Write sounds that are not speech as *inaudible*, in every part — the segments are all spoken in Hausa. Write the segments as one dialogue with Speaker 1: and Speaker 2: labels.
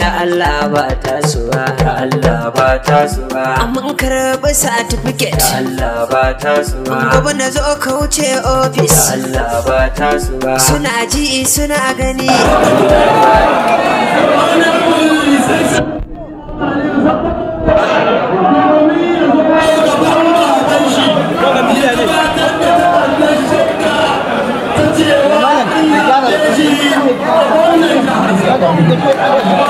Speaker 1: ta Allah ba ta suwa ta Allah ba ta suwa amma karɓi certificate ta Allah ba ta suwa gobe na zo ka wuce office ta Allah ba ta suwa suna ji suna gani Thank you.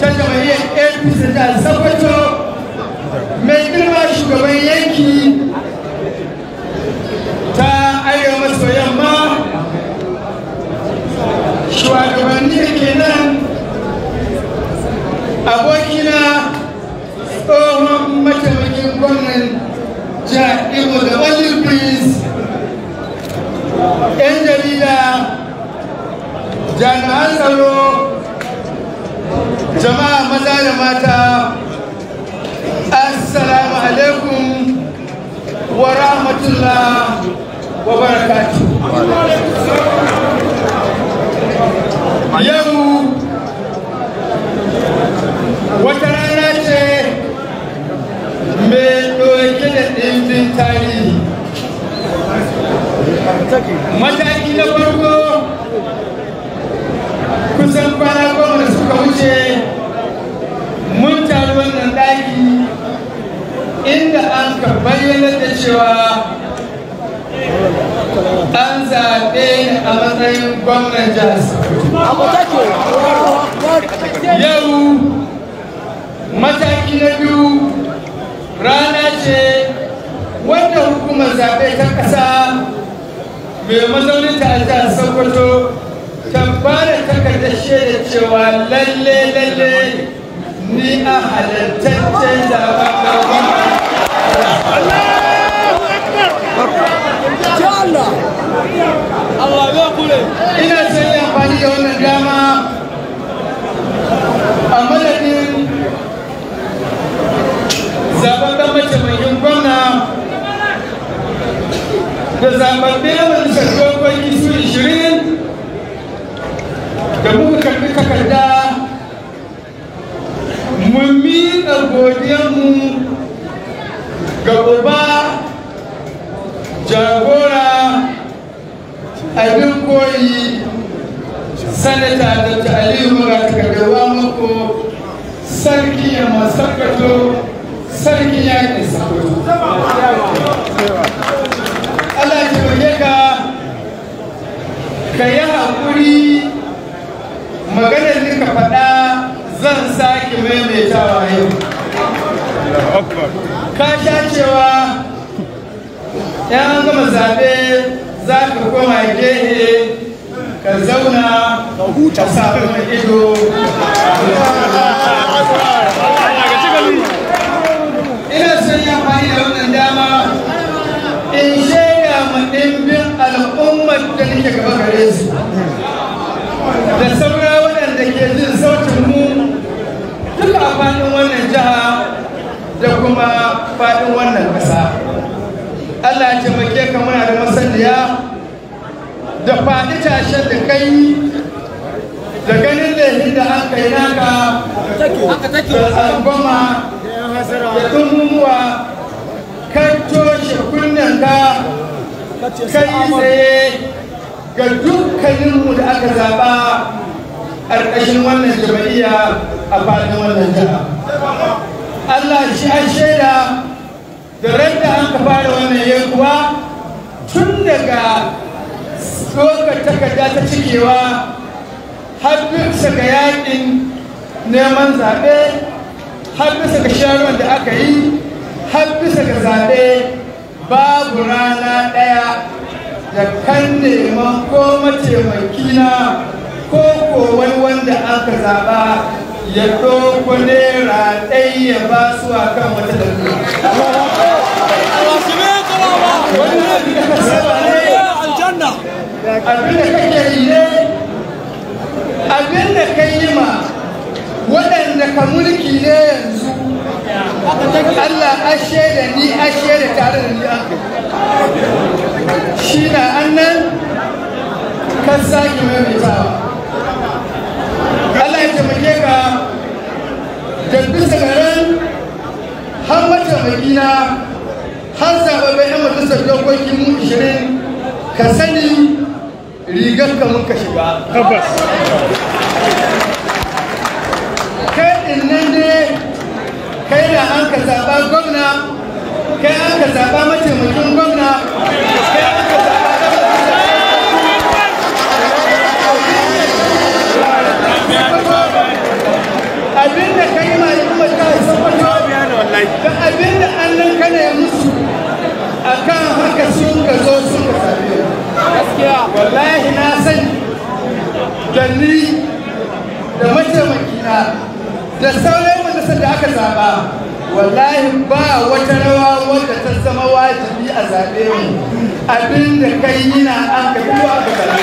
Speaker 1: ta jama'iyyar apc da sabato mai girma shugaban yanki ta arewa maso yamma shugabanni da ke nan abokina tsohon mataimakin gwamnan jihar da olympics yan jarida jami'an tsaro jama'a maza da mata assalamu alaikum wa rahmatullah wa barakatu yau wata rana ce mai ɗauke da ɗimbin tarihi mataki na farko kusan kwana suka wuce mun taru wannan daki inda an ka bayyana da cewa an zaɓe a matsayin gwamnan jihar yau mataki na biyu rana ce wanda hukumar zaɓe ta ƙasa mai mazaunin ta a jihar sokoto kan bada takardar shaidar cewa lalle lalle ni a halartaccen zaben gaba ina son yi amfani da wannan dama a madadin da zababbin majalisar dokoki su 20 karbi takarda mu miƙa godiyarmu ga jagora abin sanata da ta'alimu ga sarki ya masakato sarki ya maganar nika faɗa zan sake maimaitawa yau ka sha cewa yan gama zaɓe za ka koma gehe ka zauna ka sabon ido ina son yin amfani da wannan dama in shaida mu ɗimbin al'ummar da nake gaba gare su da da ke jin sautin mu duk a faɗin wannan jiha da kuma faɗin wannan ƙasa allah ya muke kamar muna da masaniya da faɗi tashen da kai da ganin yi da an kai naka da tsangwama da tumuwa kan toshe ka. kai tsaye ga dukkaninmu da aka zaɓa ƙarƙashin wannan jama'iyya a faɗin wannan jiha Allah shi an shaida da ran da an ka fara wannan yankuwa tun daga tsokar takarda ta cikewa har bisa ga yaƙin neman zaɓe har bisa ga sharuwan da aka yi har bisa ga zaɓe babu rana ɗaya da kan neman ko mataimaki na ko ko wani wanda aka zaɓa ya ɗauko naira ɗai ya ba su a kan wata Abinda ka saba kake yi ne abinda ka yi ma waɗanda ka mulki ne yanzu Allah ashe da ni ashe da tare da ni shi na annan kan sake maimaitawa taimake ka da bisa garin har mai gina har zaɓaɓɓen yan majalisar dokoki mu ishirin ka sani rigar ka mun ka shiga tabbas kai din nan ne kai da an ka zaɓa gwamna kai an ka zaɓa mataimakin gwamna Da abin da Allah kana ya musu kan haka sun ka zo sun ka same gaskiya wallahi na sani da ni da mataimakina da sauran majalisar da aka zaba wallahi ba wata rawa wadda ta zama wajibi a zaɓe mu abin da kai yana an ka duwa ka zaɓe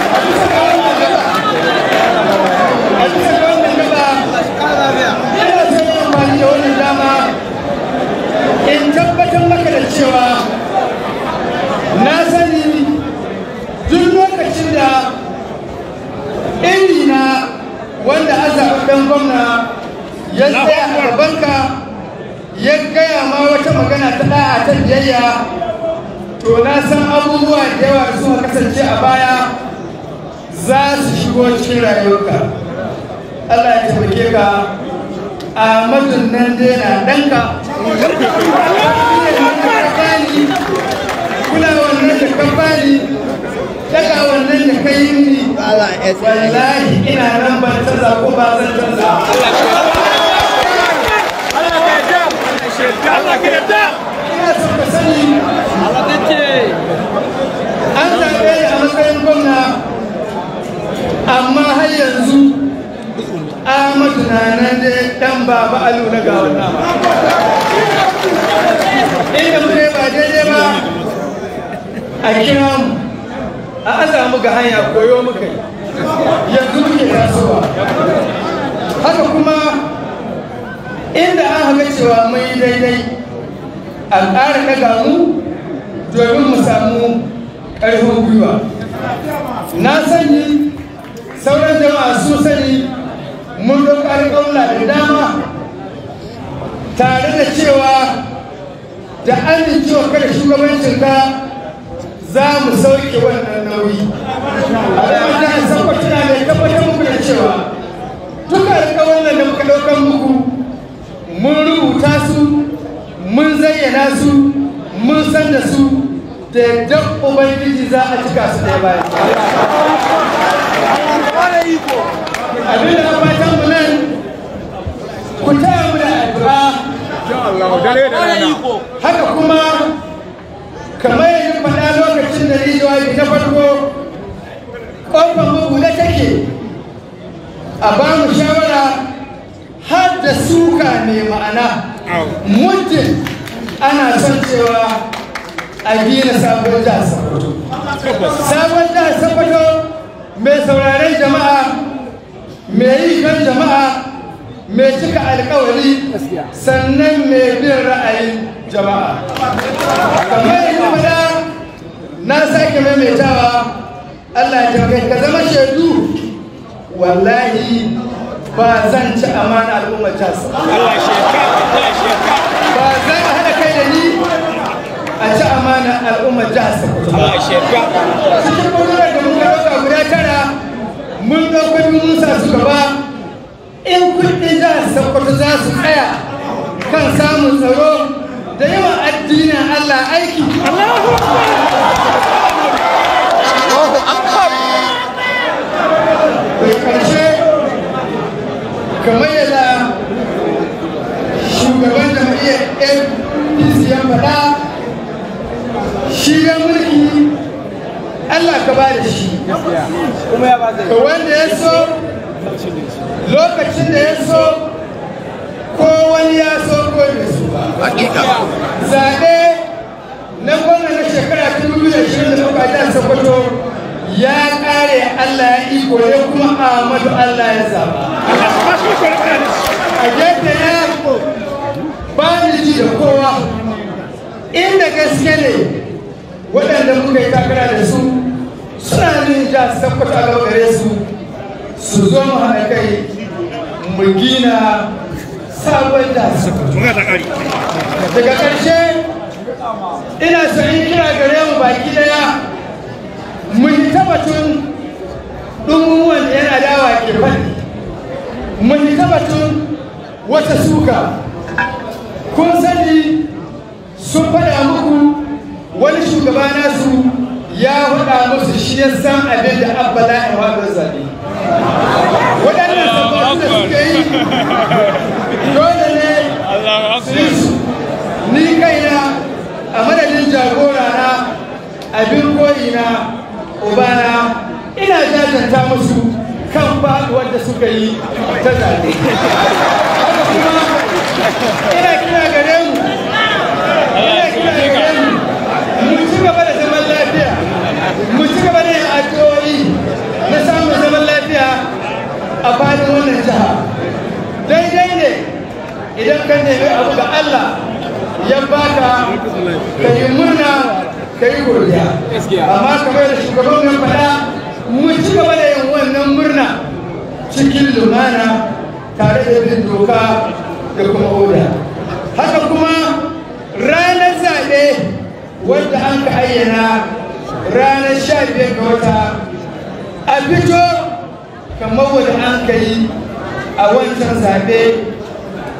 Speaker 1: a bisa ga gaba in tabbatar maka da cewa na sani duk lokacin da iri na wanda azababben gwamna ya tsaya a gabanka ya gaya ma wata magana ta ɗa'a ta biyayya to na san abubuwa da yawa da suka kasance a baya za su shigo cikin rayuwarka Allah ya taimake ka a nan dai na ɗanka *laughs* ka bani daga wannan da ka yi ni wallahi ina nan ban canza ko ba zan canza an zaɓe a matsayin gwamna amma har yanzu Ahmadu na nan dai ɗan baba alu na gawa na. ba daidai ba a kira mu a aza mu ga hanya koyo muka yanzu muke tasowa haka kuma inda an haka cewa mun yi daidai a ƙara ɗaga mu domin mu samu ƙarfin gwiwa na sani sauran jama'a su sani mun ɗauka da dama tare da cewa da amincewa kada shugabancinka za mu sauke wannan nauyi
Speaker 2: abin da ya san kwatuna mai
Speaker 1: tabbatar muku da cewa duka alƙawarin da muka ɗaukan muku mun rubuta su mun zayyana su mun san da su da yadda ubangiji za a cika su ɗaya bayan abin da fatan mu nan ku taya mu da addu'a haka kuma kamar yanzu faɗa lokacin da ni yi ta farko ƙofar na take a ba mu shawara har da suka mai ma'ana muddin ana son cewa a gina sabon jihar sabon jihar sabbato. mai sauraren jama'a mai yi kan jama'a mai cika alkawari sannan mai bin ra'ayin jama'a kamar yadda faɗa na sake maimaitawa Allah ya tabbata ka zama shaidu wallahi ba zan ci amana al'ummar tas ba zan hada kai da ni a ci amana al'ummar jihar cikin da muka ɗauka guda tara mun ɗauka mun sa su gaba in kun sabbata za su tsaya kan samun tsaro da yawan addinin Allah aiki. Da karshe kamar yadda shugaban da jam'iyyar apc ya faɗa shi ya mulki allah ka ba da shi ga wanda ya so lokacin da ya so ya da su zaɓe na gwamna shekara ta dubu da shirin da muka sokoto ya ƙare allah ya iko ne kuma ahmadu allah ya zaɓa a gefe ba ni ji da kowa inda gaske ne waɗanda muka yi takara da su suna yin ja su tabbata gaba su su zo mu haɗa kai mu gina daga ƙarshe ina sanin kira gare mu baki daya mun tabbatun wanda yana dawa ke faɗi mun tabbatun wata suka kun sani sun faɗa muku wani shugaba nasu ya faɗa musu shi ya san abin da abba zaɓe da dole ne ni kaina a madadin jagora na abin koyi na ina jajanta musu kan da suka yi ta ina kira gare mu ina kira gare mu mu ci gaba da ka nemi abu da Allah ya baka ka yi murna ka yi godiya amma kamar da shugaban mai fada mun ci gaba da yin wannan murna cikin lumana tare da bin doka da kuma oda haka kuma ranar zaɓe wanda an ka ayyana ranar sha biyar ga wata a fito kamar wanda an ka yi a wancan zaɓe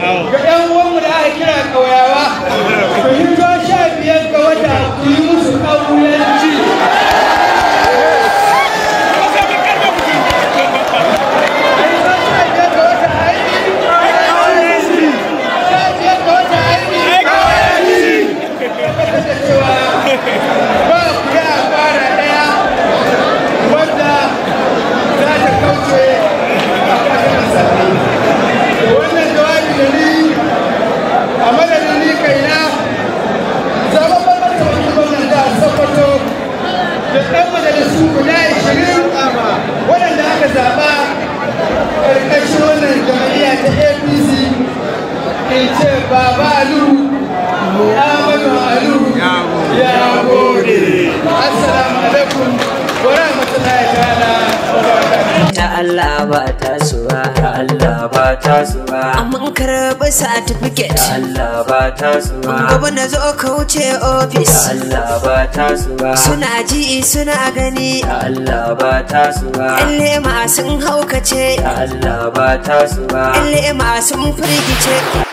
Speaker 1: ga yan uwanmu da aka kira ƙauyawa su hito sha biyar ga wata su yi musu ƙauyen ya gode assalamu alaikum wa rahmatullahi ta'ala ta Allah ba ta suwa ta Allah ba ta suwa amma karɓi certificate ta Allah ba ta suwa gwamna zo ka wuce office ta Allah ba ta suwa suna ji suna gani ta Allah ba ta suwa alle ma sun haukace ta Allah ba ta suwa alle ma sun firgice